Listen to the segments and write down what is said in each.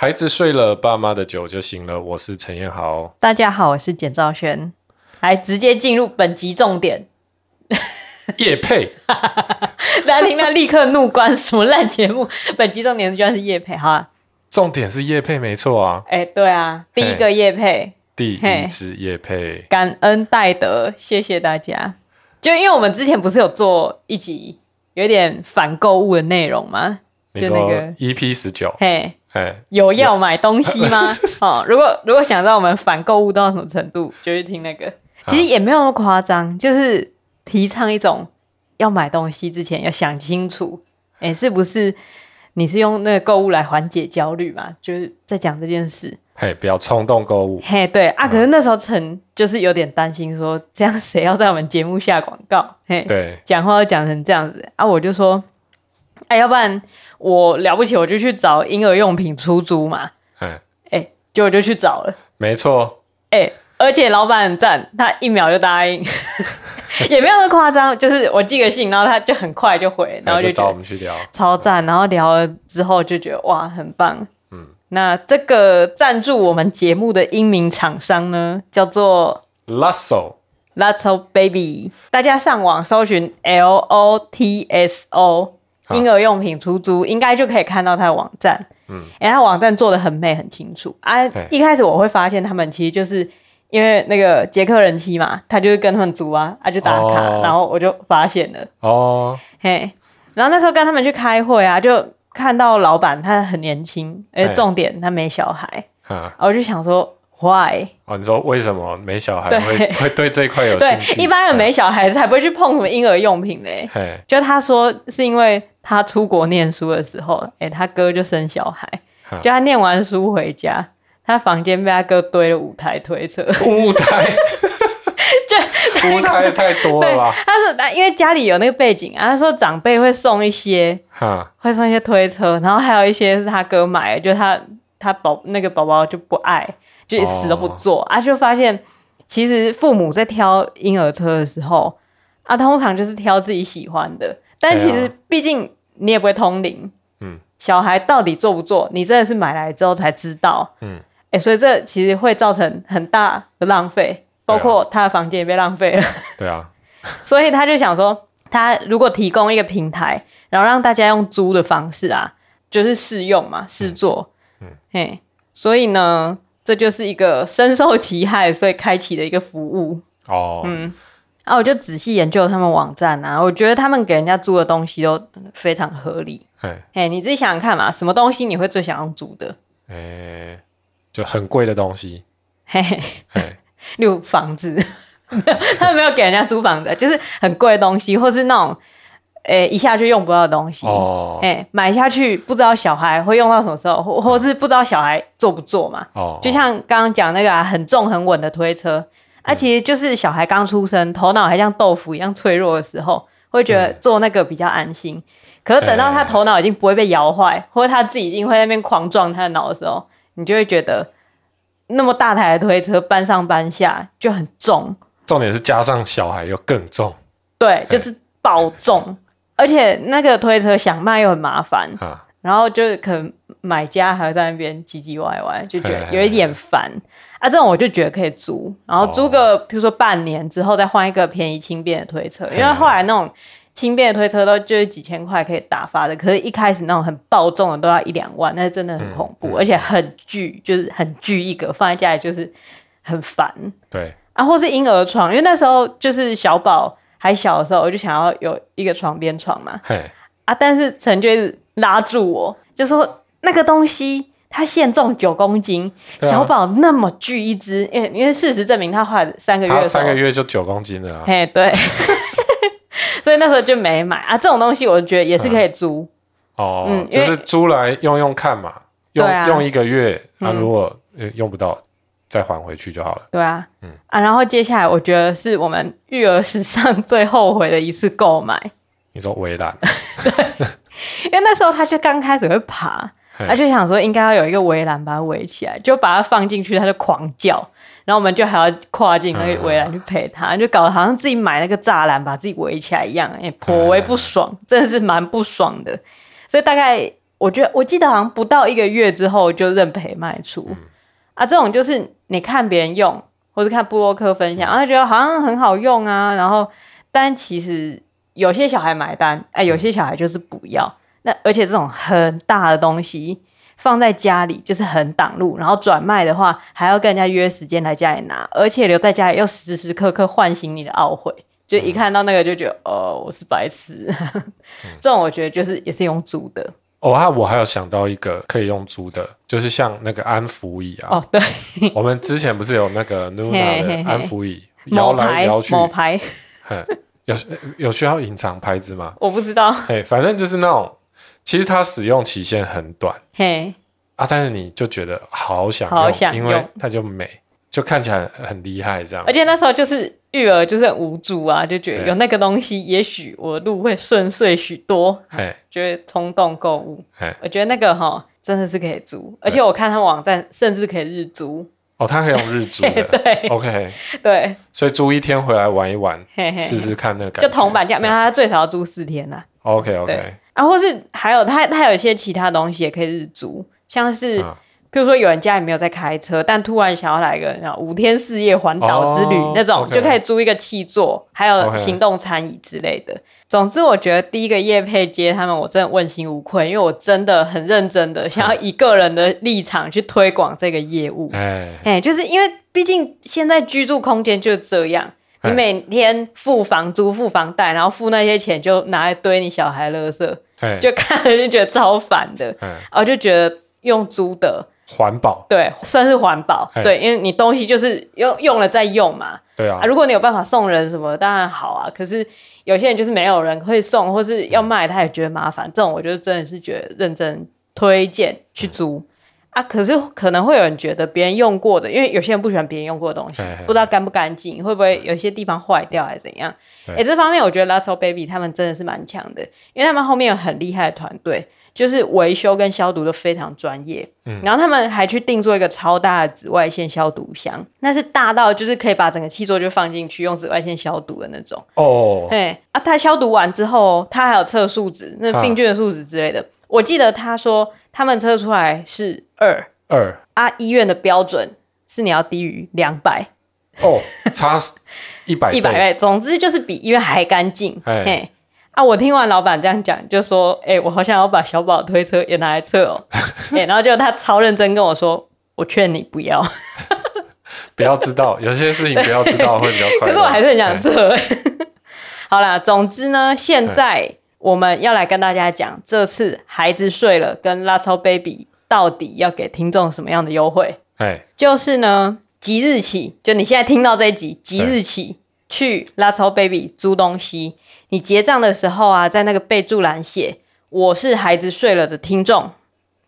孩子睡了，爸媽的酒就醒了。我是陳彥豪，大家好，我是簡兆軒。來，直接進入本集重點，業 配配， 大家聽到立刻怒關什麼爛節目？ 本集重點居然是業配，好、啊，重點是業配，沒錯啊。哎、欸，對啊，第一個業配，嘿第一次業配，感恩戴德，謝謝大家。就因為我們之前不是有做一集有點反購物的內容嗎？說就那個 EP 十九，嘿。哎，嘿有要買東西嗎？ 哦，如果如果想讓我們反購物到什麼程度，就去聽那個。啊、其實也沒有那麼誇張，就是提倡一種要買東西之前要想清楚，哎、欸，是不是你是用那個購物來緩解焦慮嘛？就是在講這件事。嘿，不要衝動購物。嘿，對啊，嗯、可是那時候陳就是有點擔心，說這樣誰要在我們節目下廣告？嘿，對，講話要講成這樣子啊，我就說，哎、欸，要不然。我了不起，我就去找嬰兒用品出租嘛。嗯嘿，哎、欸，結果就去找了。沒錯錯。哎、欸，而且老板很讚，他一秒就答應， 也沒有那麼誇張。就是我寄個信，然後他就很快就回，然後就找我們去聊。超讚，然後聊了之後就覺得哇，很棒。嗯，那這個贊助我們節目的英明廠商呢，叫做 Lotso Lotso Baby，大家上網搜尋 L O T S O。嬰兒用品出租應該就可以看到他的網站，嗯，然後、欸、他網站做的很美，很清楚。啊，嘿一開始我會發現他們其實就是因為那個捷克人妻嘛，他就是跟他們租啊，啊就打卡，哦、然後我就發現了哦，嘿，然後那時候跟他們去開會啊，就看到老板他很年輕，哎，重點他沒小孩，啊嘿，然後我就想說呵 why？哦，你說為什麼沒小孩會對會對這一塊有對一般人沒小孩子才不會去碰什麼嬰兒用品嘞、欸，嘿就他說是因為。他出國唸書的時候，哎、欸，他哥就生小孩，就他唸完書回家，他房間被他哥堆了五台推車，五台， 就五台太多了吧對。他是因為家裡有那個背景啊，他說長輩會送一些，嗯、會送一些推車，然後還有一些是他哥買的，就他他寶那個寶寶就不愛，就一死都不坐。哦、啊，就發現其實父母在挑嬰兒車的時候啊，通常就是挑自己喜歡的，但其實畢竟。你也不會通靈，嗯、小孩到底做不做？你真的是買來之後才知道，嗯、欸，所以這其實會造成很大的浪費，啊、包括他的房間也被浪費了、啊，對啊， 所以他就想說，他如果提供一個平台，然後讓大家用租的方式啊，就是試用嘛，試做、嗯嗯欸，所以呢，這就是一個深受其害，所以開啟的一個服務，哦，嗯。啊、我就仔細研究他們網站啊，我覺得他們給人家租的東西都非常合理。對嘿，你自己想想看嘛，什麼東西你會最想要租的？欸、就很貴的東西。嘿嘿，例如嘿 房子， 他們沒有給人家租房子，啊， 就是很貴的東西，或是那種，欸，一下就用不到的東西，哦欸。買下去不知道小孩會用到什麼時候，或或是不知道小孩做不做嘛。哦哦就像剛剛講那個，啊、很重很穩的推車。而、啊、其實就是小孩剛出生，頭腦還像豆腐一樣脆弱的時候，會覺得坐那個比較安心。嗯、可是等到他頭腦已經不會被搖壞，嗯、或者他自己一定會在那邊狂撞他的腦的時候，你就會覺得那麼大台的推車搬上搬下就很重，重點是加上小孩又更重，對，就是爆重，哎、而且那個推車想賣又很麻煩、啊、然後就是可能。買家還會在那邊唧唧歪歪，就覺得有一點煩啊。這種我就覺得可以租，然後租個比如說半年之後再換一個便宜輕便的推車，哦、因為後來那種輕便的推車都就是幾千塊可以打發的。可是，一開始那種很暴重的都要一兩萬，那真的很恐怖，嗯嗯、而且很巨，就是很巨一個放在家裡就是很煩。對，啊，或是嬰兒床，因為那時候就是小寶還小的時候，我就想要有一個床邊床嘛。對嘿啊，但是陳就一直拉住我，就說。那個東西它限重九公斤，小寶那麼巨一隻，因為因為事實證明他花了三個月，三個月就九公斤了。嘿，對，所以那時候就沒買啊。這種東西我覺得也是可以租，哦，就是租來用用看嘛，用用一個月，那如果用不到再還回去就好了。對啊，嗯啊，然後接下來我覺得是我們育兒史上最後悔的一次購買。你說圍欄？因為那時候它就剛開始會爬。他、啊、就想說，應該要有一個圍欄把它圍起來，就把它放進去，它就狂叫，然後我們就還要跨進那個圍欄去陪它，嗯、就搞得好像自己買那個柵欄把自己圍起來一樣，也頗為不爽，嗯、真的是蠻不爽的。所以大概我覺得，我記得好像不到一個月之後就認賠賣出、嗯、啊。這種就是你看別人用，或是看部落客分享，他、嗯啊、覺得好像很好用啊，然後但其實有些小孩買單，哎、欸，有些小孩就是不要。那而且這種很大的東西放在家裡就是很擋路，然後轉賣的話還要跟人家約時間來家裡拿，而且留在家裡又時時刻刻喚醒你的懊悔，就一看到那個就覺得、嗯、哦，我是白痴。 這種我覺得就是也是用租的。哦，那、啊、我還有想到一個可以用租的，就是像那個安撫椅啊。哦，對、嗯。我們之前不是有那個 Nuna 的安撫椅，某牌籃某牌。有有需要隱藏牌子嗎？我不知道。嘿，反正就是那種。其實它使用期限很短，嘿啊！但是你就覺得好想用，因為它就美，就看起來很厲害這樣。而且那時候就是育兒，就是很無助啊，就覺得有那個東西，也許我路會順遂許多。嘿，覺得衝動購物。嘿，我覺得那個哈真的是可以租，而且我看他網站甚至可以日租。哦，它可以用日租的。對，OK，對，所以租一天回來玩一玩，試試看那個。就銅板價沒有，它最少要租四天啊。OK OK，啊，或是還有他他有一些其他東西也可以日租，像是譬、嗯、如說有人家裡沒有在開車，但突然想要來個你知道五天四夜環島之旅，哦、那種，okay. 就可以租一個汽座，還有行動餐椅之類的。Okay. 總之，我覺得第一個業配接他們，我真的問心無愧，因為我真的很認真的想要以個人的立場去推廣這個業務。哎，哎，就是因為畢竟現在居住空間就這樣。你每天付房租，付房貸，然後付那些錢就拿來堆你小孩垃圾，嘿就看了就覺得超煩的，嘿然後就覺得用租的環保，對，算是環保，嘿對，因為你東西就是用用了再用嘛。對啊，啊，如果你有辦法送人什麼，當然好啊。可是有些人就是沒有人會送，或是要賣他也覺得麻煩。嗯，這種我就真的是覺得認真推薦去租。嗯。啊，可是可能會有人覺得別人用過的，因為有些人不喜歡別人用過的東西，嘿嘿不知道乾不乾淨，會不會有一些地方壞掉還是怎樣？哎嘿、欸，這方面我覺得 Lotso Baby 他們真的是蠻強的，因為他們後面有很厲害的團隊，就是維修跟消毒都非常專業。嗯，然後他們還去定做一個超大的紫外線消毒箱，那是大到就是可以把整個汽座就放進去，用紫外線消毒的那種。哦，對啊，它消毒完之後，它還有測數值，那病菌的數值之類的。我記得他說他們測出來是二二啊，醫院的標準是你要低於兩百哦，差一百一百倍，總之就是比醫院還乾淨。哎嘿，啊，我聽完老闆這樣講，就說哎、欸，我好想要把小寶推車也拿來測哦、 欸。然後就他超認真跟我說，我勸你不要， 不要知道，有些事情不要知道會比較快。 可是我還是很想測。嘿 好了，總之呢，現在。我們要來跟大家講，這次孩子睡了跟 Lotso Baby 到底要給聽眾什麼樣的優惠？嘿就是呢，即日起，就你現在聽到這一集，即日起去 Lotso Baby 租東西，嘿你結賬的時候啊，在那個備註欄寫“我是孩子睡了”的聽眾，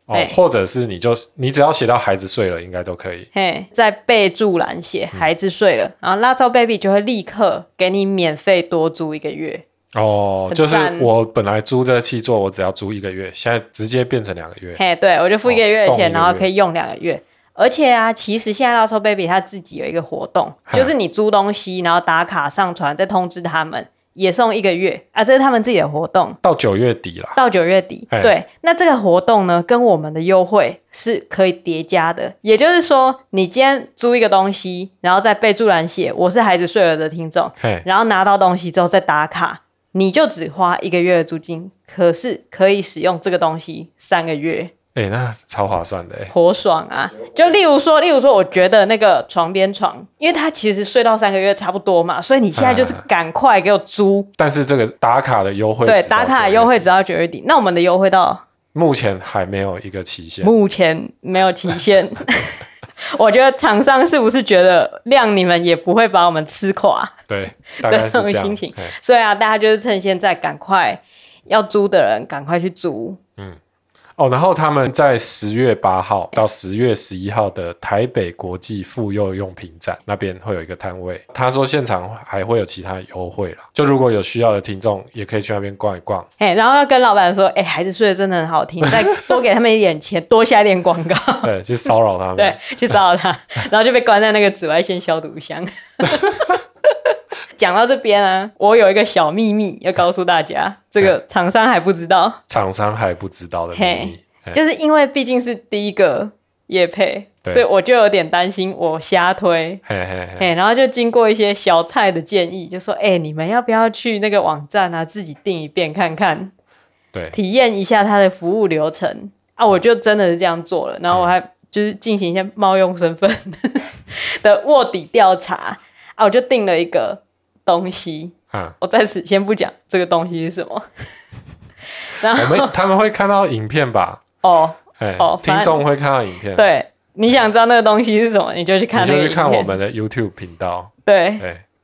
哦、嘿或者是你就你只要寫到“孩子睡了”應該都可以。嘿，在備註欄寫“孩子睡了”，嗯、然後 Lotso Baby 就會立刻給你免費多租一個月。哦，就是我本來租這個汽座，我只要租一個月，現在直接變成兩個月。嘿，對，我就付一個月的錢，哦、然後可以用兩個月。而且啊，其實現在 Lotso Baby 他自己有一個活動，就是你租東西，然後打卡上傳，再通知他們，也送一個月啊，這是他們自己的活動。到九月底啦。到九月底，嘿對。那這個活動呢，跟我們的優惠是可以疊加的，也就是說，你今天租一個東西，然後在備註欄寫“我是孩子睡了的聽眾”，嘿然後拿到東西之後再打卡。你就只花一個月的租金，可是可以使用這個東西三個月。哎、欸，那個、超划算的、欸，好爽啊！就例如說，例如說，我覺得那個床邊床，因為它其實睡到三個月差不多嘛，所以你現在就是趕快給我租。但是這個打卡的優惠，對，對打卡的優惠只要九月底。那我們的優惠到目前還沒有一個期限，目前沒有期限。 我覺得廠商是不是覺得諒你們也不會把我們吃垮？對，大概是這樣子， 的那種心情嘿所以啊，大家就是趁現在趕快要租的人趕快去租。嗯。哦，然後他們在十月八號到十月十一號的台北國際婦幼用品展、欸、用品展那邊會有一個攤位，他說現場還會有其他優惠了，就如果有需要的聽眾也可以去那邊逛一逛。哎、欸，然後要跟老板說，哎、欸，孩子睡得真的很好聽，再多給他們一點錢， 多下一點廣告，對，去騷擾他們，對，去騷擾他， 然後就被關在那個紫外線消毒箱。 講到這邊啊，我有一個小秘密要告訴大家，嘿這個廠商還不知道。廠商還不知道的秘密，嘿嘿就是因為畢竟是第一個業配，對所以我就有點擔心我瞎推嘿嘿嘿。然後就經過一些小菜的建議，就說：“哎、欸，你們要不要去那個網站啊，自己訂一遍看看，對，體驗一下它的服務流程啊？”我就真的是這樣做了，然後我還就是進行一些冒用身份 的臥底調查啊，我就訂了一個。東西，我在此先不講這個東西是什麼。然後他們會看到影片吧？哦，哎，哦，聽眾會看到影片。對，你想知道那個東西是什麼，你就去看，就去看我們的 YouTube 頻道。對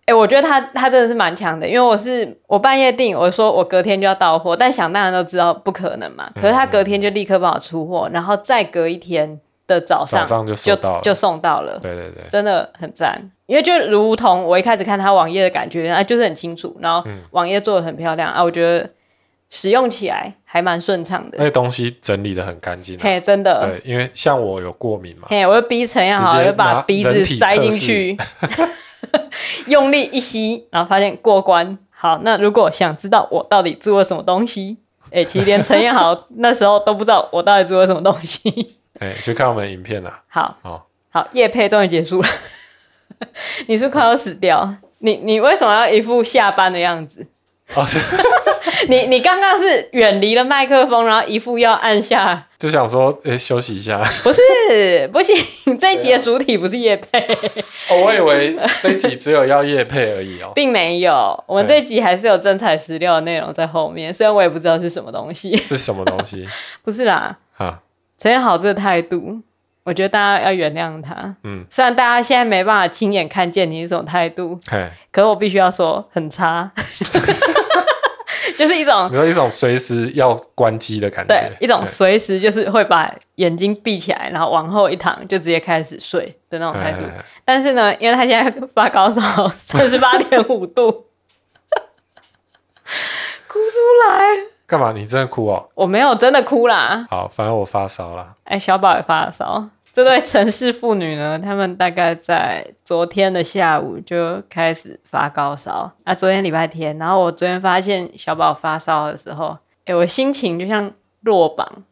哎，我覺得他他真的是蠻強的，因為我是我半夜訂，我說我隔天就要到貨，但想當然都知道不可能嘛。可是他隔天就立刻幫我出貨，然後再隔一天的早上，就到就送到了。對對對，真的很讚。因為就如同我一開始看他網頁的感覺啊，就是很清楚，然後網頁做的很漂亮、嗯、啊，我覺得使用起來還蠻順暢的。那東西整理的很乾淨、啊，嘿，真的。對，因為像我有過敏嘛，嘿，我逼陳燕豪就把鼻子塞進去， 用力一吸，然後發現過關。好，那如果想知道我到底做了什麼東西，哎、欸，其實連陳燕豪那時候都不知道我到底做了什麼東西。哎，去看我們的影片啦。好，好、哦、好，業配終於結束了。你是，是快要死掉？你你為什麼要一副下班的樣子？哦、 你你剛剛是遠離了麥克風，然後一副要按下，就想說，哎、欸，休息一下。不是，不行，這一集的主體不是業配。啊，哦，我以為這一集只有要業配而已哦， 並沒有。我們這一集還是有真材實料的內容在後面，雖然我也不知道是什麼東西。是什麼東西？ 不是啦。好哈，呈現好這個態度。我覺得大家要原諒他。嗯，雖然大家現在沒辦法親眼看見你這種態度，嘿可是我必須要說很差， 就是一種你說一種隨時要關機的感覺，對，一種隨時就是會把眼睛閉起來，嘿然後往後一躺就直接開始睡的那種態度。嘿嘿嘿，但是呢，因為他現在發高燒，三十八點五度， 哭出來幹嘛？你真的哭哦？我沒有真的哭啦。好，反正我發燒了。哎、欸，小寶也發燒。這對城市婦女呢，他們大概在昨天的下午就開始發高燒啊。昨天禮拜天，然後我昨天發現小寶發燒的時候，哎、欸，我心情就像落榜，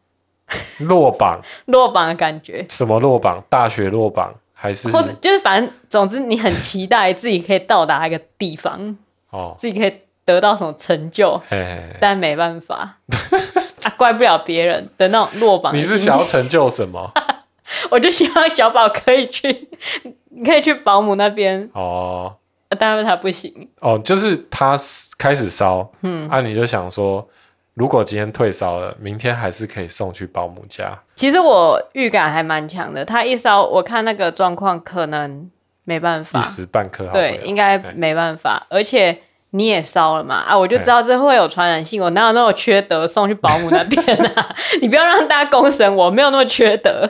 落榜， 落榜的感覺。什麼落榜？大學落榜還是？或者就是反正總之你很期待自己可以到達一個地方 哦，自己可以得到什麼成就，嘿嘿嘿但沒辦法， 啊，怪不了別人的那種落榜。你是想要成就什麼？ 我就希望小寶可以去，你可以去保姆那邊哦。但是他不行哦，就是他開始燒，嗯，那、啊、你就想說，如果今天退燒了，明天還是可以送去保姆家。其實我預感還蠻強的，他一燒，我看那個狀況可能沒辦法，一時半刻好對，應該沒辦法。欸、而且你也燒了嘛，啊，我就知道這會有傳染性，欸、我哪有那麼缺德送去保姆那邊啊？ 你不要讓大家公審我，沒有那麼缺德。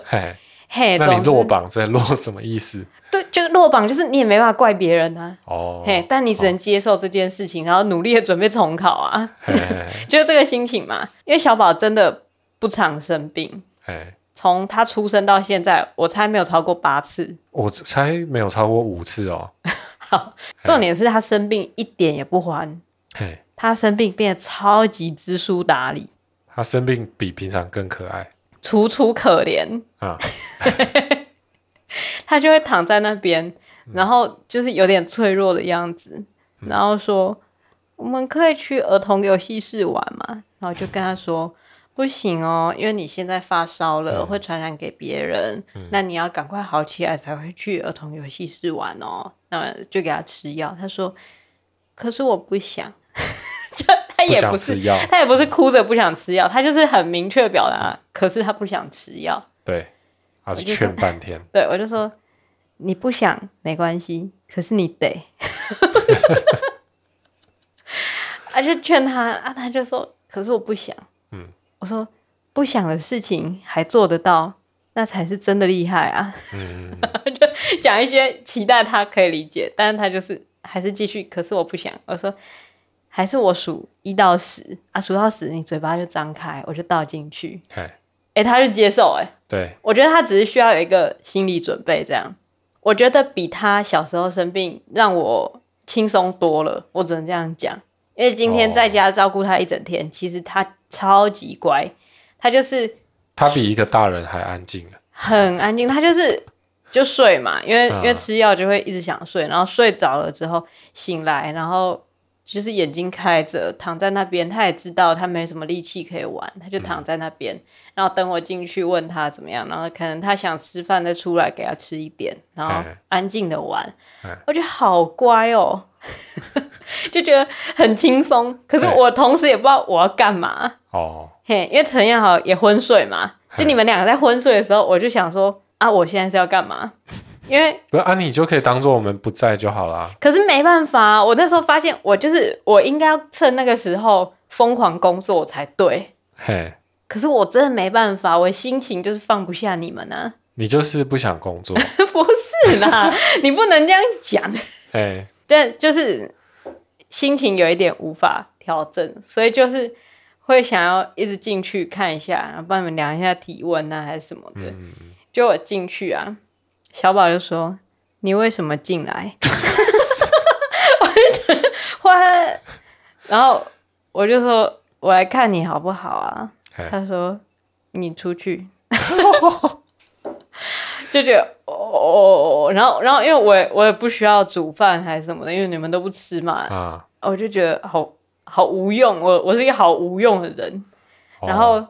嘿，hey, 那你落榜，這落什麼意思？對，就是落榜，就是你也沒辦法怪別人啊。哦，嘿，但你只能接受這件事情，oh. 然後努力的準備重考啊。 Hey. 就是這個心情嘛。因為小寶真的不常生病，嘿，Hey. 從他出生到現在，我猜沒有超過八次，我猜沒有超過五次哦。 好，重點是他生病一點也不還，嘿，Hey. 他生病變得超級知書達理，他生病比平常更可愛。楚楚可憐，啊、 他就會躺在那邊，然後就是有點脆弱的樣子，嗯、然後說：“我們可以去兒童遊戲室玩嘛？”然後就跟他說：“ 不行哦，因為你現在發燒了，會傳染給別人。嗯、那你要趕快好起來才會去兒童遊戲室玩哦。”那就給他吃藥。他說：“可是我不想。 ”就他也不是，不他也不是哭着不想吃藥，嗯、他就是很明確表達，嗯、可是他不想吃藥。對，他就勸半天，對我就說，我就說、嗯、你不想沒關係，可是你得。他就勸他，啊，他就說可是我不想。嗯、我說不想的事情還做得到，那才是真的厲害啊。嗯、 就講一些期待他可以理解，但是他就是還是繼續，可是我不想，我說。還是我數一到十啊，數到十，你嘴巴就張開，我就倒進去。哎嘿、欸，他就接受哎、欸。對，我覺得他只是需要有一個心理準備，這樣。我覺得比他小時候生病讓我輕鬆多了，我只能這樣講。因為今天在家照顧他一整天，哦、其實他超級乖，他就是他比一個大人還安靜了，很安靜。他就是就睡嘛，因為、嗯、因為吃藥就會一直想睡，然後睡着了之後醒來，然後。就是眼睛開着，躺在那邊，他也知道他沒什麼力氣可以玩，他就躺在那邊，嗯、然後等我進去問他怎麼樣，然後可能他想吃飯再出來給他吃一點，然後安靜的玩，嘿嘿，我覺得好乖哦、喔，嘿嘿 就覺得很輕鬆。可是我同時也不知道我要幹嘛哦，嘿，嘿，因為陳燕豪也昏睡嘛，就你們兩個在昏睡的時候，我就想說啊，我現在是要幹嘛？因為不是啊，你就可以當做我們不在就好了。可是沒辦法、啊，我那時候發現，我就是我應該要趁那個時候瘋狂工作才對。嘿，可是我真的沒辦法，我心情就是放不下你們呢、啊。你就是不想工作？ 不是啦， 你不能這樣講。但嘿 就是心情有一點無法調整，所以就是會想要一直進去看一下，幫你們量一下體溫啊，還是什麼的。嗯，就我進去啊。小寶就說：“你為什麼進來？” 我就覺得，哇，然後我就說：“我來看你好不好啊？” Hey. 他說：“你出去。 ” oh. 就覺得，哦、oh. 然後，然後，因為我我也不需要煮飯還是什麼的，因為你們都不吃嘛。啊，uh. 我就覺得好好無用，我我是一個好無用的人。Oh. 然後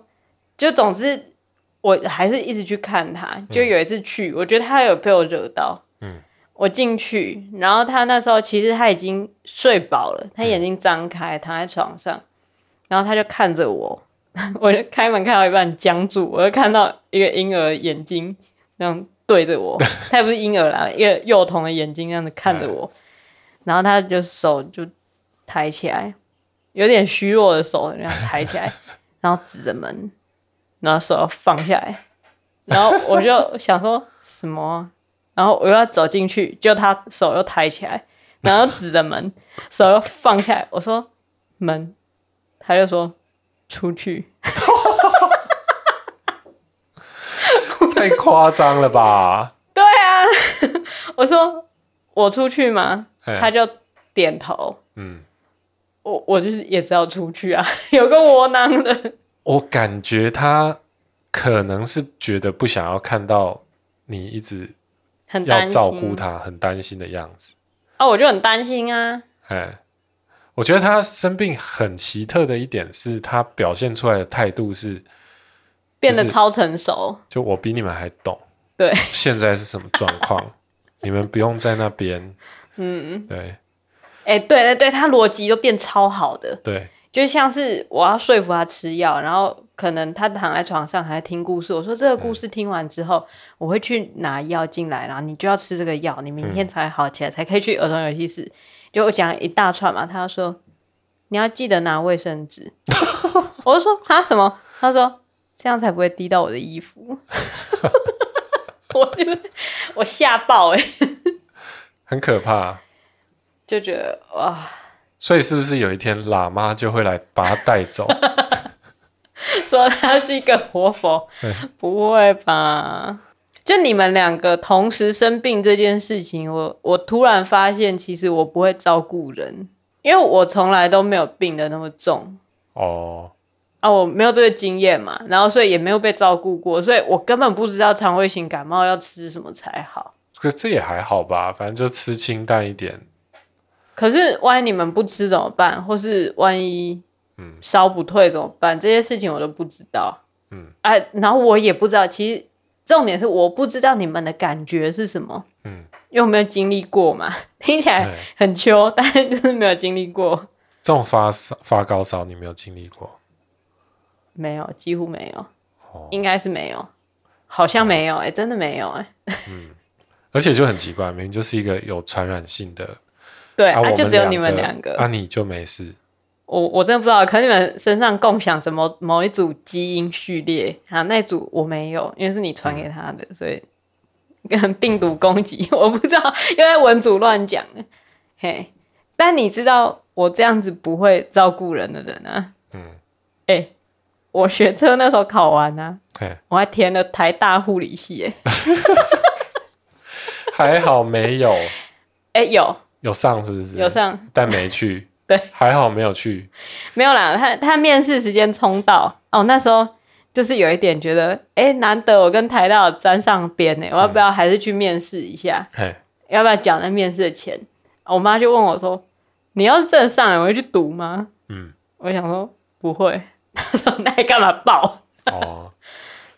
就總之。我還是一直去看他，就有一次去，嗯、我覺得他有被我惹到。嗯，我進去，然後他那時候其實他已經睡飽了，他眼睛張開，嗯、躺在床上，然後他就看着我。 我就開門看到一半僵住，我就看到一個嬰兒的眼睛那樣對着我， 他也不是嬰兒啦，一個幼童的眼睛那樣子看着我，嗯、然後他就手就抬起來，有點虛弱的手然後抬起來，然後指着門。 然後手要放下來，然後我就想說什麼、啊， 然後我又要走進去，就他手又抬起來，然後指着門，手又放下來。我說門，他就說出去。 太誇張了吧？ 對啊，我說我出去嘛，他就點頭。嗯，我我就是也知道出去啊，有個窩囊的。我感覺他可能是覺得不想要看到你一直很要照顧他，很擔心的樣子。哦，我就很擔心啊。哎，我覺得他生病很奇特的一點是他表現出來的態度是、就是、變得超成熟，就我比你們還懂。對，現在是什麼狀況？ 你們不用在那邊。嗯對、欸，對。哎，對對對，他邏輯都變超好的。對。就像是我要說服他吃藥，然後可能他躺在床上還在聽故事。我說這個故事聽完之後，嗯、我會去拿藥進來，然後你就要吃這個藥，你明天才好起來，嗯、才可以去兒童遊戲室。就我講一大串嘛。他就說你要記得拿衛生紙， 我就說他什麼？他說這樣才不會滴到我的衣服。 我我嚇爆誒 很可怕，就覺得哇。所以是不是有一天喇嘛就會來把他帶走？ 說他是一個活佛。欸？不會吧？就你們兩個同時生病這件事情，我我突然發現，其實我不會照顧人，因為我從來都沒有病得那麼重哦。啊，我沒有這個經驗嘛，然後所以也沒有被照顧過，所以我根本不知道腸胃型感冒要吃什麼才好。可是這也還好吧，反正就吃清淡一點。可是，萬一你們不吃，怎麼辦？或是萬一，燒不退怎麼辦？嗯、這些事情我都不知道。嗯，哎、啊，然後我也不知道。其實重點是我不知道你們的感覺是什麼。嗯，因為沒有經歷過嘛？聽起來很秋，欸、但是就是沒有經歷過。這種發燒、發高燒，你沒有經歷過？沒有，幾乎沒有。哦，應該是沒有，好像沒有、欸。哎、嗯，真的沒有、欸。哎，嗯，而且就很奇怪， 明明就是一個有傳染性的。對，就只有你們兩個，那、啊、你就沒事。我我真的不知道，可是你們身上共享什麼某一組基因序列啊？那組我沒有，因為是你傳給他的，嗯、所以跟病毒攻擊 我不知道，又在文組亂講嘿，但你知道我這樣子不會照顧人的人啊？嗯，哎、欸，我學車那時候考完啊，嘿我還填了台大護理系，哎， 還好沒有。哎、欸，有。有上是不是？有上，但沒去。 對，還好沒有去。沒有啦，他他面試時間衝到哦，那時候就是有一點覺得，哎、欸，難得我跟台大有沾上邊呢，欸，我要不要還是去面試一下？哎、嗯，要不要繳那面試的錢。嘿我媽就問我說：“你要是真的上來，欸，我會去讀嗎？”嗯，我想說不會。她說：“那還幹嘛報？”哦，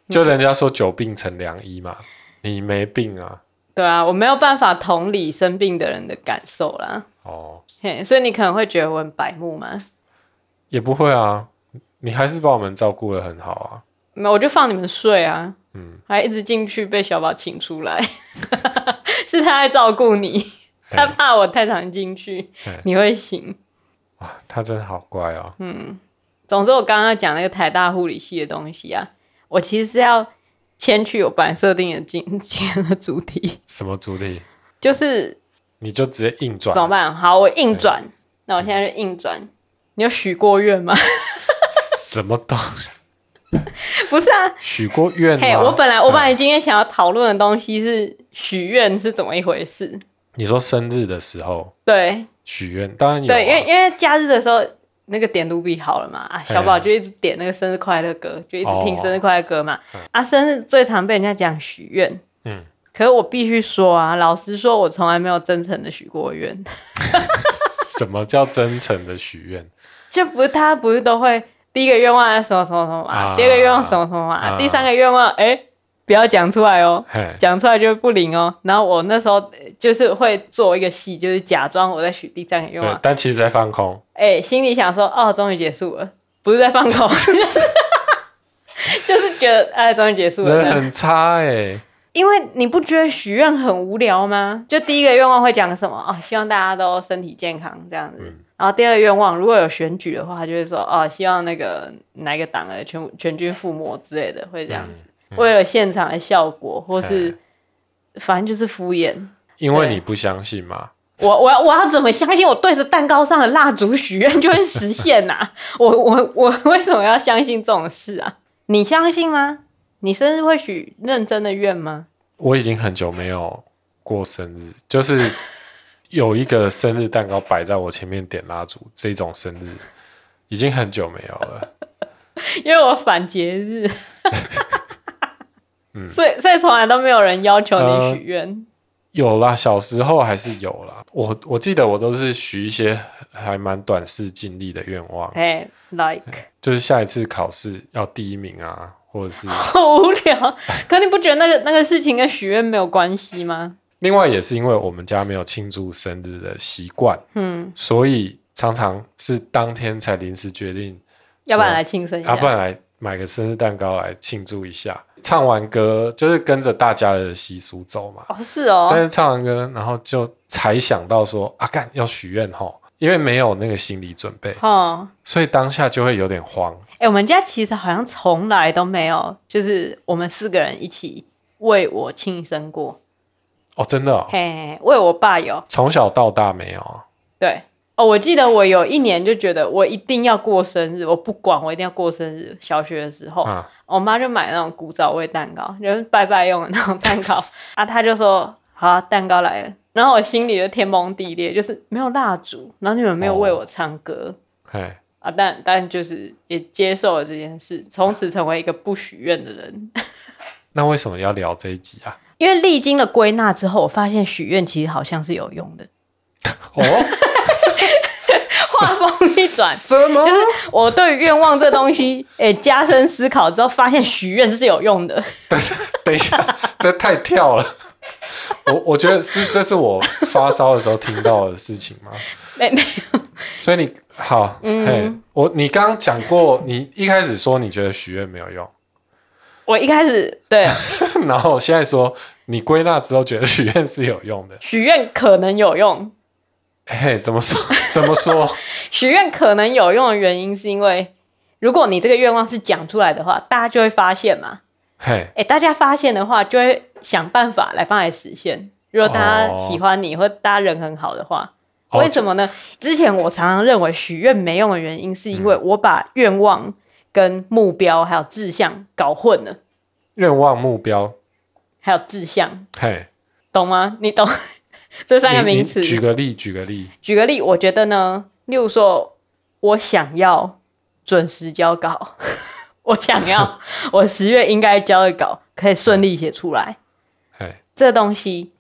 就人家說久病成良醫嘛，嗯，你沒病啊。對啊，我沒有辦法同理生病的人的感受啦。哦，嘿，hey, 所以你可能會覺得我很白目嗎？也不會啊，你還是把我們照顧得很好啊。那我就放你們睡啊。嗯，還一直進去被小寶請出來， 是他在照顧你，嘿他怕我太常進去嘿你會醒。哇，他真的好乖哦。嗯，總之我剛剛講那個台大護理系的東西啊，我其實是要。先去我本來設定的今天的主題，什麼主題？就是你就直接硬轉怎麼辦？好，我硬轉，對那我現在就硬轉。你有許過願嗎？ 什麼東西？不是啊，許過願。嘿，hey, 我本來我本來今天想要討論的東西是許願是怎麼一回事。你說生日的時候，對，許願當然有、啊、對，因為因為假日的時候。那個點讀筆好了嘛？啊，小寶就一直點那個生日快樂歌，欸、就一直聽生日快樂歌嘛。哦、啊，生日最常被人家講許願，嗯，可是我必須說啊，老實說，我從來沒有真誠的許過願。嗯、 什麼叫真誠的許願？ 就不，大家不是都會第一個願望什麼什麼什麼、啊，啊、第二個願望什麼什麼、啊，啊、第三個願望，哎、欸。不要講出來哦，講 Hey, 出來就不靈哦。然後我那時候就是會做一個戲，就是假裝我在許第三個願望，但其實在放空。哎、欸，心裡想說，哦，終於結束了，不是在放空， 就是覺得，哎，終於結束了。人很差哎、欸，因為你不覺得許願很無聊嗎？就第一個願望會講什麼哦，希望大家都身體健康這樣子。嗯、然後第二個願望，如果有選舉的話，就會、是、說，哦，希望那個哪一個黨啊全全軍覆沒之類的，會這樣子。嗯為了現場的效果，或是反正就是敷衍。因為你不相信嗎？我我我要怎麼相信？我對着蛋糕上的蠟燭許願就會實現啊！ 我我我為什麼要相信這種事啊？你相信嗎？你生日會許認真的願嗎？我已經很久沒有過生日，就是有一個生日蛋糕擺在我前面點蠟燭 這種生日，已經很久沒有了。 因為我反節日。 嗯所，所以所以從來都沒有人要求你許願，嗯，有啦，小時候還是有啦。我我記得我都是許一些還蠻短視近利的願望，哎，like、嗯、就是下一次考試要第一名啊，或者是好無聊。 可你不覺得那個那個事情跟許願沒有關係嗎？另外也是因為我們家沒有慶祝生日的習慣，嗯，所以常常是當天才臨時決定，要不然來慶生一下，要不然來買個生日蛋糕來慶祝一下。唱完歌就是跟着大家的習俗走嘛。哦，是哦。但是唱完歌，然後就才想到說阿幹、啊、要許願吼，因為沒有那個心理準備，哦、嗯。所以當下就會有點慌。哎、欸，我們家其實好像從來都沒有，就是我們四個人一起為我慶生過。哦，真的、哦。嘿，為我爸有。從小到大沒有。對。哦、我記得我有一年就覺得我一定要過生日，我不管，我一定要過生日。小學的時候，我媽、啊哦、就買那種古早味蛋糕，就是拜拜用的那種蛋糕 啊。她就說：“好、啊，蛋糕來了。”然後我心裡就天崩地裂，就是沒有蠟燭，然後你們沒有為我唱歌。哦、啊，但但就是也接受了這件事，從此成為一個不許願的人。 那為什麼要聊這一集啊？因為歷經了歸納之後，我發現許願其實好像是有用的。哦。 話風一轉，什麼？就是我對願望這東西，哎、欸，加深思考之後，發現許願是有用的。等一下，等一下，這太跳了。我我覺得是，這是我發燒的時候聽到的事情嗎？沒、欸、沒有。所以你好，嗯，嘿我你剛講過，你一開始說你覺得許願沒有用，我一開始對，然後現在說你歸納之後覺得許願是有用的，許願可能有用。嘿、欸、怎麼說？怎麼說？許願 可能有用的原因，是因為如果你這個願望是講出來的話，大家就會發現嘛。嘿 Hey.、欸，大家發現的話，就會想辦法來幫你實現。如果大家喜歡你，或大家人很好的話，oh. 為什麼呢？Okay. 之前我常常認為許願沒用的原因，是因為我把願望，跟目標還有志向搞混了。願望、目標，還有志向，嘿，Hey. 懂嗎？你懂。這三個名詞，舉個例，舉個例，舉個例。我覺得呢，例如說，我想要準時交稿， 我想要 我十月應該交的稿可以順利寫出來。嘿這東西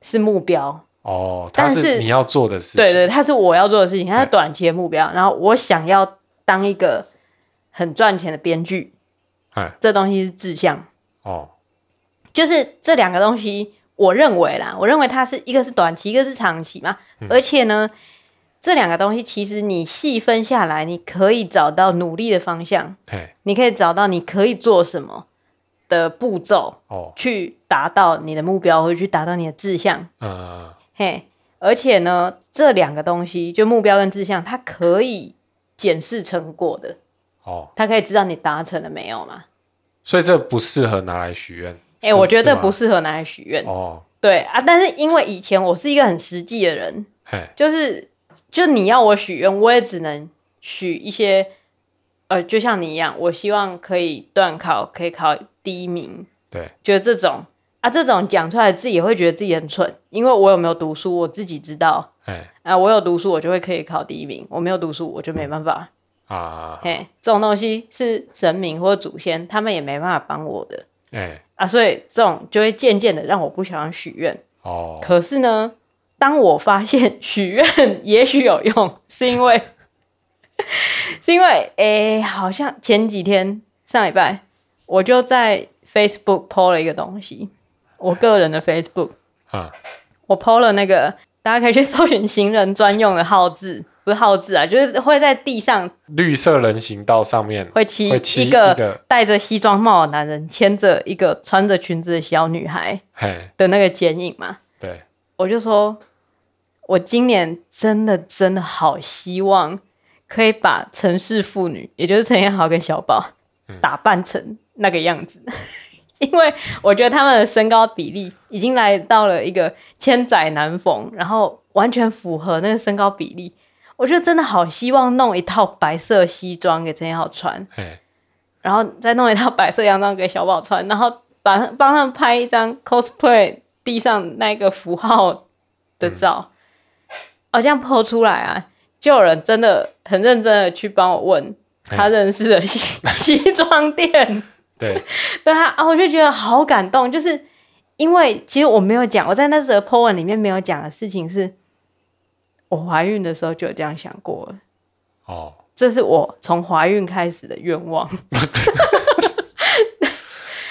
是目標哦，但是你要做的事情，對對，它是我要做的事情，它是短期的目標。嘿然後我想要當一個很賺錢的編劇，嘿這東西是志向哦，就是這兩個東西。我認為啦，我認為它是一個是短期，一個是長期嘛。嗯、而且呢，這兩個東西其實你細分下來，你可以找到努力的方向，嘿你可以找到你可以做什麼的步驟去達到你的目標，哦、或者去達到你的志向，嗯，嗯，嗯，嘿。而且呢，這兩個東西就目標跟志向，它可以檢視成果的，哦，它可以知道你達成了沒有嘛。所以這不適合拿來許願。哎，欸、是我覺得這不適合拿來許願。哦，oh. 對啊，但是因為以前我是一個很實際的人，Hey. 就是就你要我許願，我也只能許一些，呃，就像你一樣，我希望可以段考，可以考第一名。對，就是這種啊，這種講出來自己也會覺得自己很蠢，因為我有沒有讀書我自己知道。哎，Hey. 啊，我有讀書，我就會可以考第一名；我沒有讀書，我就沒辦法啊。嘿，這種東西是神明或祖先，他們也沒辦法幫我的。哎。Hey. 啊、所以這種就會漸漸的讓我不想要許願哦。Oh. 可是呢，當我發現許願也許有用，是因為 是因為誒、欸，好像前幾天上禮拜我就在 Facebook PO 了一個東西，我個人的 Facebook 啊，Huh. 我 PO 了那個，大家可以去搜尋行人專用的號誌。不是耗子啊，就是會在地上綠色人行道上面會騎騎一個戴着西裝帽的男人，牽着一,一個穿着裙子的小女孩的那個剪影嘛？對，我就說，我今年真的真的好希望可以把城市婦女，也就是陳妍豪跟小寶打扮成那個樣子，嗯、 因為我覺得他們的身高比例已經來到了一個千載難逢，然後完全符合那個身高比例。我就真的好希望弄一套白色西裝給真耀穿，嘿然後再弄一套白色洋裝給小寶穿，然後把他幫他們拍一張 cosplay 地上那個符號的照，嗯、哦，這樣 po 出來啊，就有人真的很認真的去幫我問他認識的嘿西西裝店， 對 對啊，啊我就覺得好感動，就是因為其實我沒有講，我在那時候 po 文裡面沒有講的事情是。我懷孕的時候就有這樣想過了，哦，oh. 這是我從懷孕開始的願望，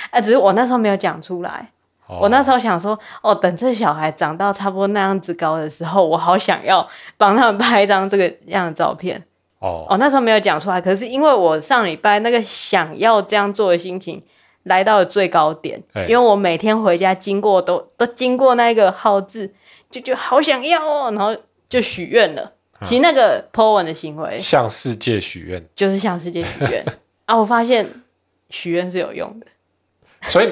哎、 啊，只是我那時候沒有講出來。Oh. 我那時候想說，哦，等這小孩長到差不多那樣子高的時候，我好想要幫他們拍一張這個樣的照片。Oh. 哦，那時候沒有講出來，可是因為我上禮拜那個想要這樣做的心情來到了最高點，Hey. 因為我每天回家經過都都經過那個號誌，就就好想要哦，然後。就許願了，其實那個 po 文的行為，向、嗯、世界許願，就是向世界許願 啊！我發現許願是有用的，所以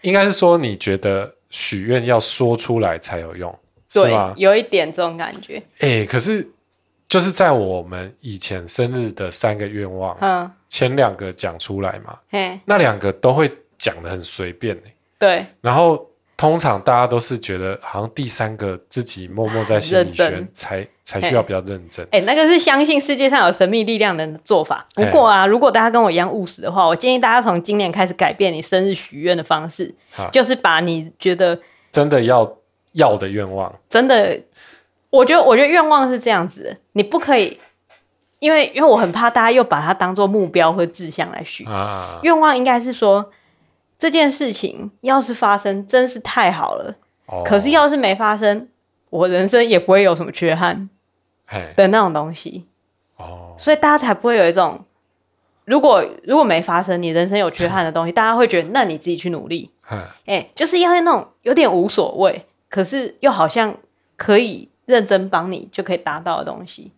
應該是說你覺得許願要說出來才有用， 對是嗎？有一點這種感覺，哎、欸，可是就是在我們以前生日的三個願望嗯，嗯，前兩個講出來嘛，嘿，那兩個都會講得很隨便、欸，對，然後。通常大家都是覺得好像第三個自己默默在心裡許，真才才需要比較認真。哎、欸，那個是相信世界上有神秘力量的、的做法。不過啊，嘿如果大家跟我一樣務實的話，我建議大家從今年開始改變你生日許願的方式，哈就是把你覺得真的要要的願望。真的，我覺得，我覺得願望是這樣子，你不可以，因為因為我很怕大家又把它當做目標和志向來許、啊、願望應該是說。這件事情要是發生，真是太好了。Oh. 可是要是沒發生，我人生也不會有什麼缺憾，的那種東西。哦。Hey . Oh. 所以大家才不會有一種，如果如果沒發生，你人生有缺憾的東西， 大家會覺得，那你自己去努力。Huh. hey, 就是因為那種有點無所謂，可是又好像可以認真幫你就可以達到的東西。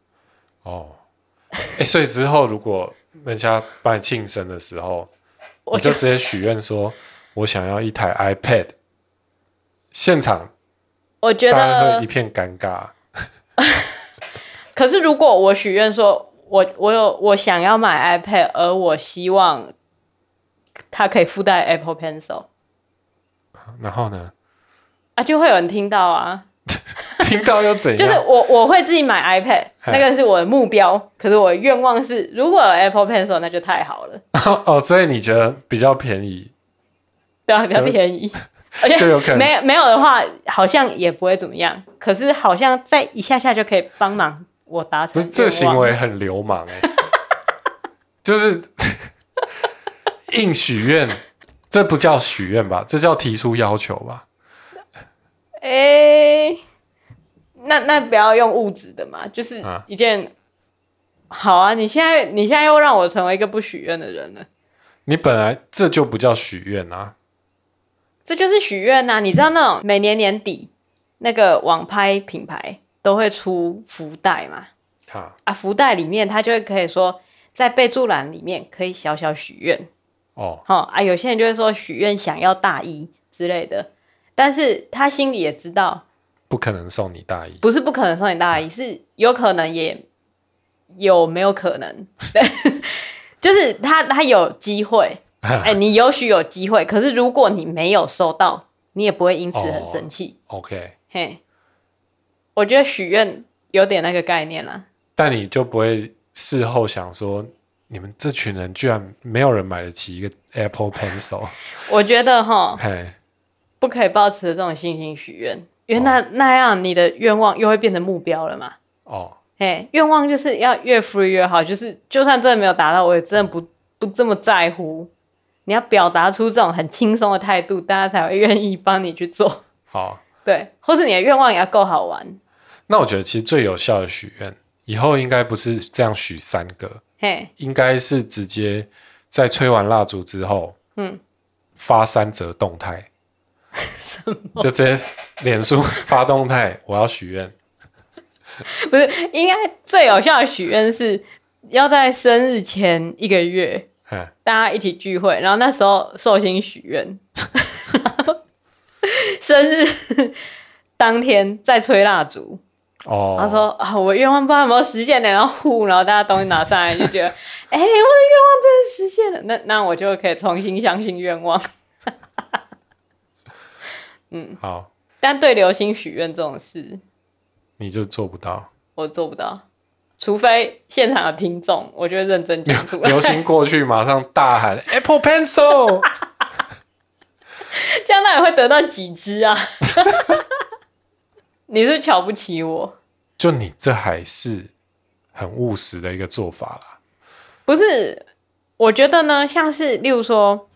哦、oh. 欸。所以之後如果人家辦慶生的時候。我你，就直接許願說，我想要一台 iPad。現場，我覺得一片尷尬。 可是如果我許願說我我有我想要買 iPad，而我希望它可以附帶 Apple Pencil，然後呢？啊，就會有人聽到啊。 聽到又怎樣？就是我我會自己買 iPad， 那個是我的目標。 可是我的願望是，如果有 Apple Pencil，那就太好了哦。哦，所以你覺得比較便宜？對啊，比較便宜。而且就， 就有可能沒有沒有的話，好像也不會怎麼樣。可是好像再一下下就可以幫忙我達成。這個行為很流氓、欸、 就是 硬許願，這不叫許願吧？這叫提出要求吧？哎、欸。那那不要用物質的嘛，就是一件啊，好啊！你現在你現在又讓我成為一個不許願的人了。你本來這就不叫許願啊，這就是許願吶、啊！你知道那種每年年底、嗯、那個網拍品牌都會出福袋嘛？啊，啊福袋裡面他就會可以說在備注欄裡面可以小小許願哦。好、哦、啊，有些人就會說許願想要大衣之類的，但是他心裡也知道。不可能送你大衣，不是不可能送你大衣，嗯、是有可能也有沒有可能， 就是他他有機會，哎呵、欸，你有許有機會，可是如果你沒有收到，你也不會因此很生氣。哦、OK，嘿，我覺得許願有點那個概念啦，但你就不會事後想說，你們這群人居然沒有人買得起一個 Apple Pencil？ 我覺得哈，嘿，不可以抱持這種心情許願。因為那樣，你的願望又會變成目標了嘛？哦，嘿，願望就是要越 free 越好，就是就算真的沒有達到，我也真的不、嗯、不這麼在乎。你要表達出這種很輕鬆的態度，大家才會願意幫你去做。好，oh, 對，或是你的願望也要夠好玩。那我覺得其實最有效的許願，以後應該不是這樣許三個，嘿，Hey. 應該是直接在吹完蠟燭之後，嗯，發三則動態。 麼就直接臉書發動態，我要許願。 不是，應該最有效的許願是要在生日前一個月，嘿大家一起聚會，然後那時候壽星許願， 生日當天再吹蠟燭。哦，他說啊，我願望不知道有沒有實現呢，然後呼，然後大家東西拿上來 就覺得，哎、欸，我的願望真的實現了，那那我就可以重新相信願望。嗯，好。但對流星許願這種事，你就做不到。我做不到，除非現場有聽眾，我就會認真講出來流。流星過去，馬上大喊 “Apple Pencil”， 這樣那也會得到幾支啊？ 你是，是瞧不起我？就你這還是很務實的一個做法啦。不是，我覺得呢，像是例如說，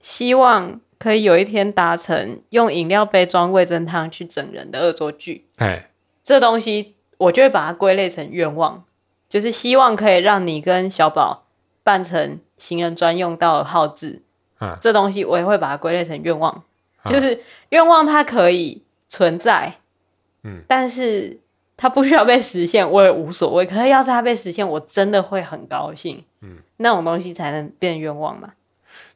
希望。可以有一天達成用飲料杯裝味噌湯去整人的惡作劇，嘿這東西我就會把它歸類成願望，就是希望可以讓你跟小寶扮成行人專用道號誌。啊、這東西我也會把它歸類成願望，啊、就是願望它可以存在，嗯，但是它不需要被實現，我也無所謂。可是要是它被實現，我真的會很高興，嗯，那種東西才能變願望嘛。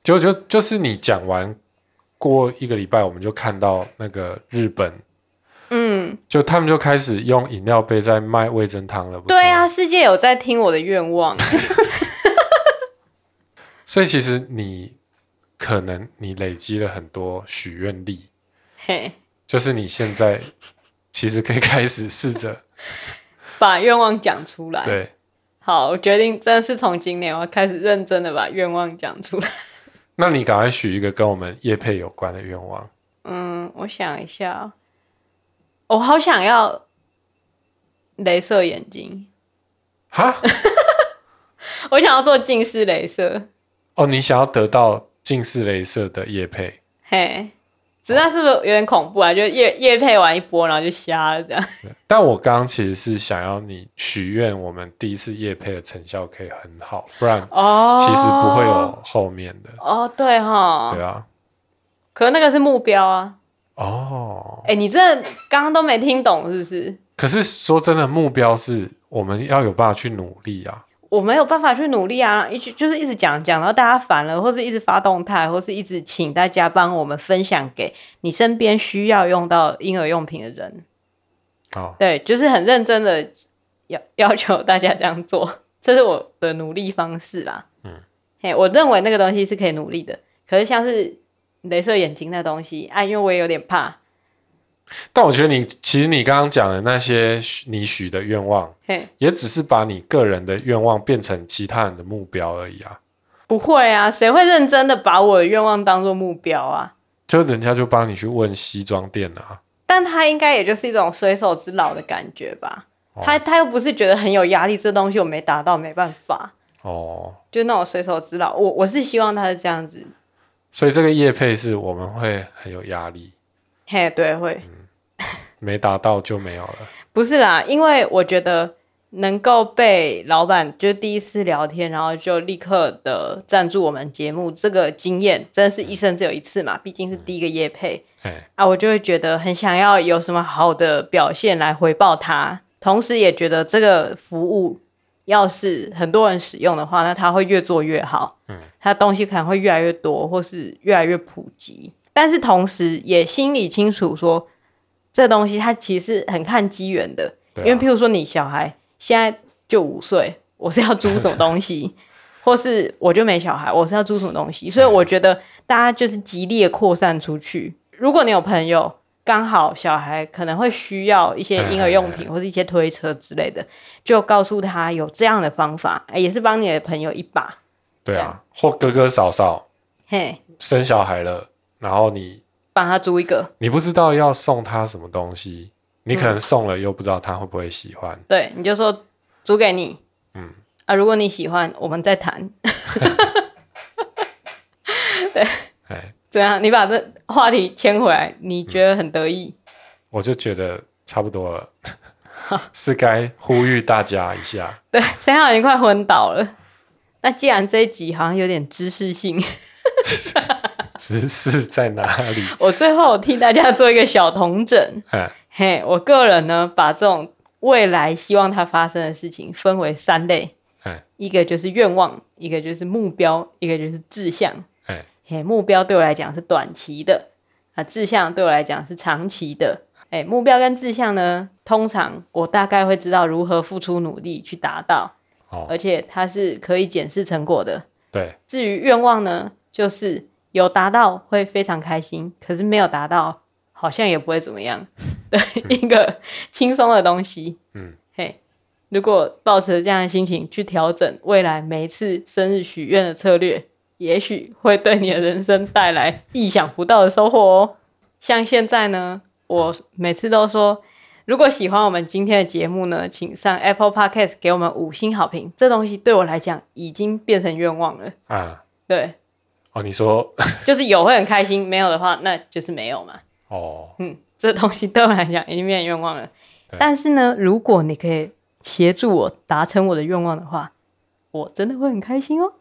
就就就是你講完。過一個禮拜，我們就看到那個日本，嗯，就他們就開始用飲料杯在賣味噌湯了。對啊，世界有在聽我的願望。 所以其實你可能你累積了很多許願力，嘿，就是你現在其實可以開始試着 把願望講出來。對，好，我決定真的是從今年我開始認真的把願望講出來。那你趕快許一個跟我們業配有關的願望。嗯，我想一下，我好想要，雷射眼睛。哈， 我想要做近視雷射。哦，你想要得到近視雷射的業配。嘿。實在是不是有點恐怖啊？就業配完一波，然後就瞎了這樣。但我剛剛其實是想要你許願，我們第一次業配的成效可以很好，不然哦，其實不會有後面的。哦，哦，對哈，對啊。可是那個是目標啊。哦。哎，你這剛剛都沒聽懂是不是？可是說真的，目標是我們要有辦法去努力啊。我沒有辦法去努力啊，一直就是一直講，講到大家煩了，或是一直發動態，或是一直請大家幫我們分享給你身邊需要用到嬰兒用品的人。哦，Oh. 對，就是很認真的要要求大家這樣做，這是我的努力方式啦。嗯，嘿，我認為那個東西是可以努力的，可是像是雷射眼睛那東西，哎、啊，因為我也有點怕。但我覺得你其實你剛剛講的那些你許的願望，嘿，Hey, 也只是把你個人的願望變成其他人的目標而已啊。不會啊，誰會認真的把我的願望當做目標啊？就人家就幫你去問西裝店啊。但他應該也就是一種隨手之勞的感覺吧。Oh. 他他又不是覺得很有壓力，這個、東西我沒達到沒辦法哦，oh. 就那種隨手之勞。我我是希望他是這樣子。所以這個業配是我們會很有壓力。嘿，hey, 對，會。嗯 沒達到就沒有了， 不是啦，因為我覺得能夠被老闆就是、第一次聊天，然後就立刻的贊助我們節目，這個經驗真是一生只有一次嘛，嗯、畢竟是第一個業配，哎、嗯，啊，我就會覺得很想要有什麼好的表現來回報他，同時也覺得這個服務要是很多人使用的話，那他會越做越好，嗯，他東西可能會越來越多，或是越來越普及，但是同時也心裡清楚說。這東西它其實很看機緣的，啊、因為譬如說你小孩現在就五歲，我是要租什麼東西， 或是我就沒小孩，我是要租什麼東西。所以我覺得大家就是極力的擴散出去。如果你有朋友剛好小孩可能會需要一些嬰兒用品、啊、或是一些推車之類的，就告訴他有這樣的方法，也是幫你的朋友一把。對啊，對或哥哥嫂嫂，嘿，生小孩了，然後你。把他租一個，你不知道要送他什麼東西，你可能送了又不知道他會不會喜歡。嗯、對，你就說租給你，嗯啊，如果你喜歡，我們再談。 對，哎嘿，怎樣？你把這話題牽回來，你覺得很得意？嗯、我就覺得差不多了， 是該呼籲大家一下。 對，陳浩已經快昏倒了。那既然這一集好像有點知識性。 知識在哪裡？ 我最後替大家做一個小統整。嗯、嘿，我個人呢，把這種未來希望它發生的事情分為三類。嗯、一個就是願望，一個就是目標，一個就是志向。嗯、目標對我來講是短期的、啊、志向對我來講是長期的、欸。目標跟志向呢，通常我大概會知道如何付出努力去達到，哦、而且它是可以檢視成果的。對，至於願望呢，就是。有達到會非常開心，可是沒有達到，好像也不會怎麼樣。對，一個輕鬆的東西。嗯，嘿，hey, 如果抱持這樣的心情去調整未來每一次生日許願的策略，也許會對你的人生帶來意想不到的收穫哦。像現在呢，我每次都說，如果喜歡我們今天的節目呢，請上 Apple Podcast 給我們五星好評。這東西對我來講已經變成願望了啊，對。哦，你說就是有會很開心。 沒有的話那就是沒有嘛。哦，嗯，這東西對我來講已經沒有願望了。對但是呢，如果你可以協助我達成我的願望的話，我真的會很開心哦。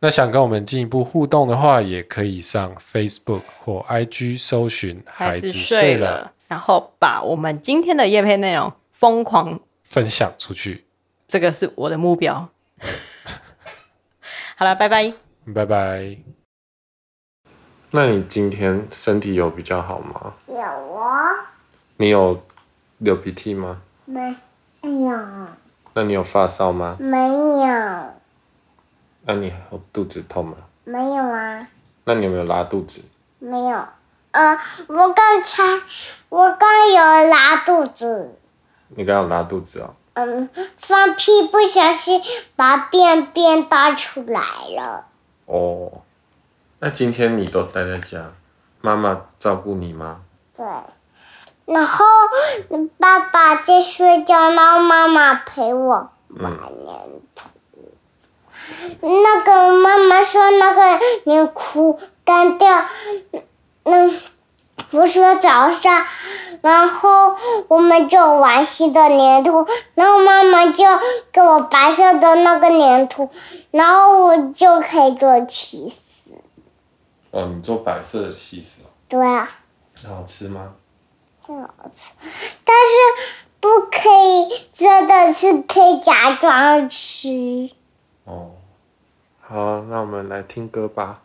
那想跟我們進一步互動的話，也可以上 Facebook 或 IG 搜尋孩子睡了，睡了然後把我們今天的業配內容瘋狂分享出去。這個是我的目標。 好了，拜拜，拜拜。那你今天身體有比較好嗎？有啊、哦。你有流鼻涕嗎？沒，沒有。那你有發燒嗎？沒有。那你還有肚子痛嗎？沒有啊。那你有沒有拉肚子？沒有。呃，我剛才我剛有拉肚子。你剛剛有拉肚子哦。嗯，放屁不小心把便便打出來了。哦。那今天你都待在家，媽媽照顧你嗎？對，然後爸爸在睡覺，讓媽媽陪我玩黏土。嗯、那個媽媽說：“那個黏土乾掉。那”那我說早上，然後我們就玩新的黏土，然後媽媽就給我白色的那個黏土，然後我就可以做騎士。哦、呃，你做白色的起司。對啊。很好吃嗎？很好吃，但是不可以真的，是可以假裝吃。哦，好、啊，那我們來聽歌吧。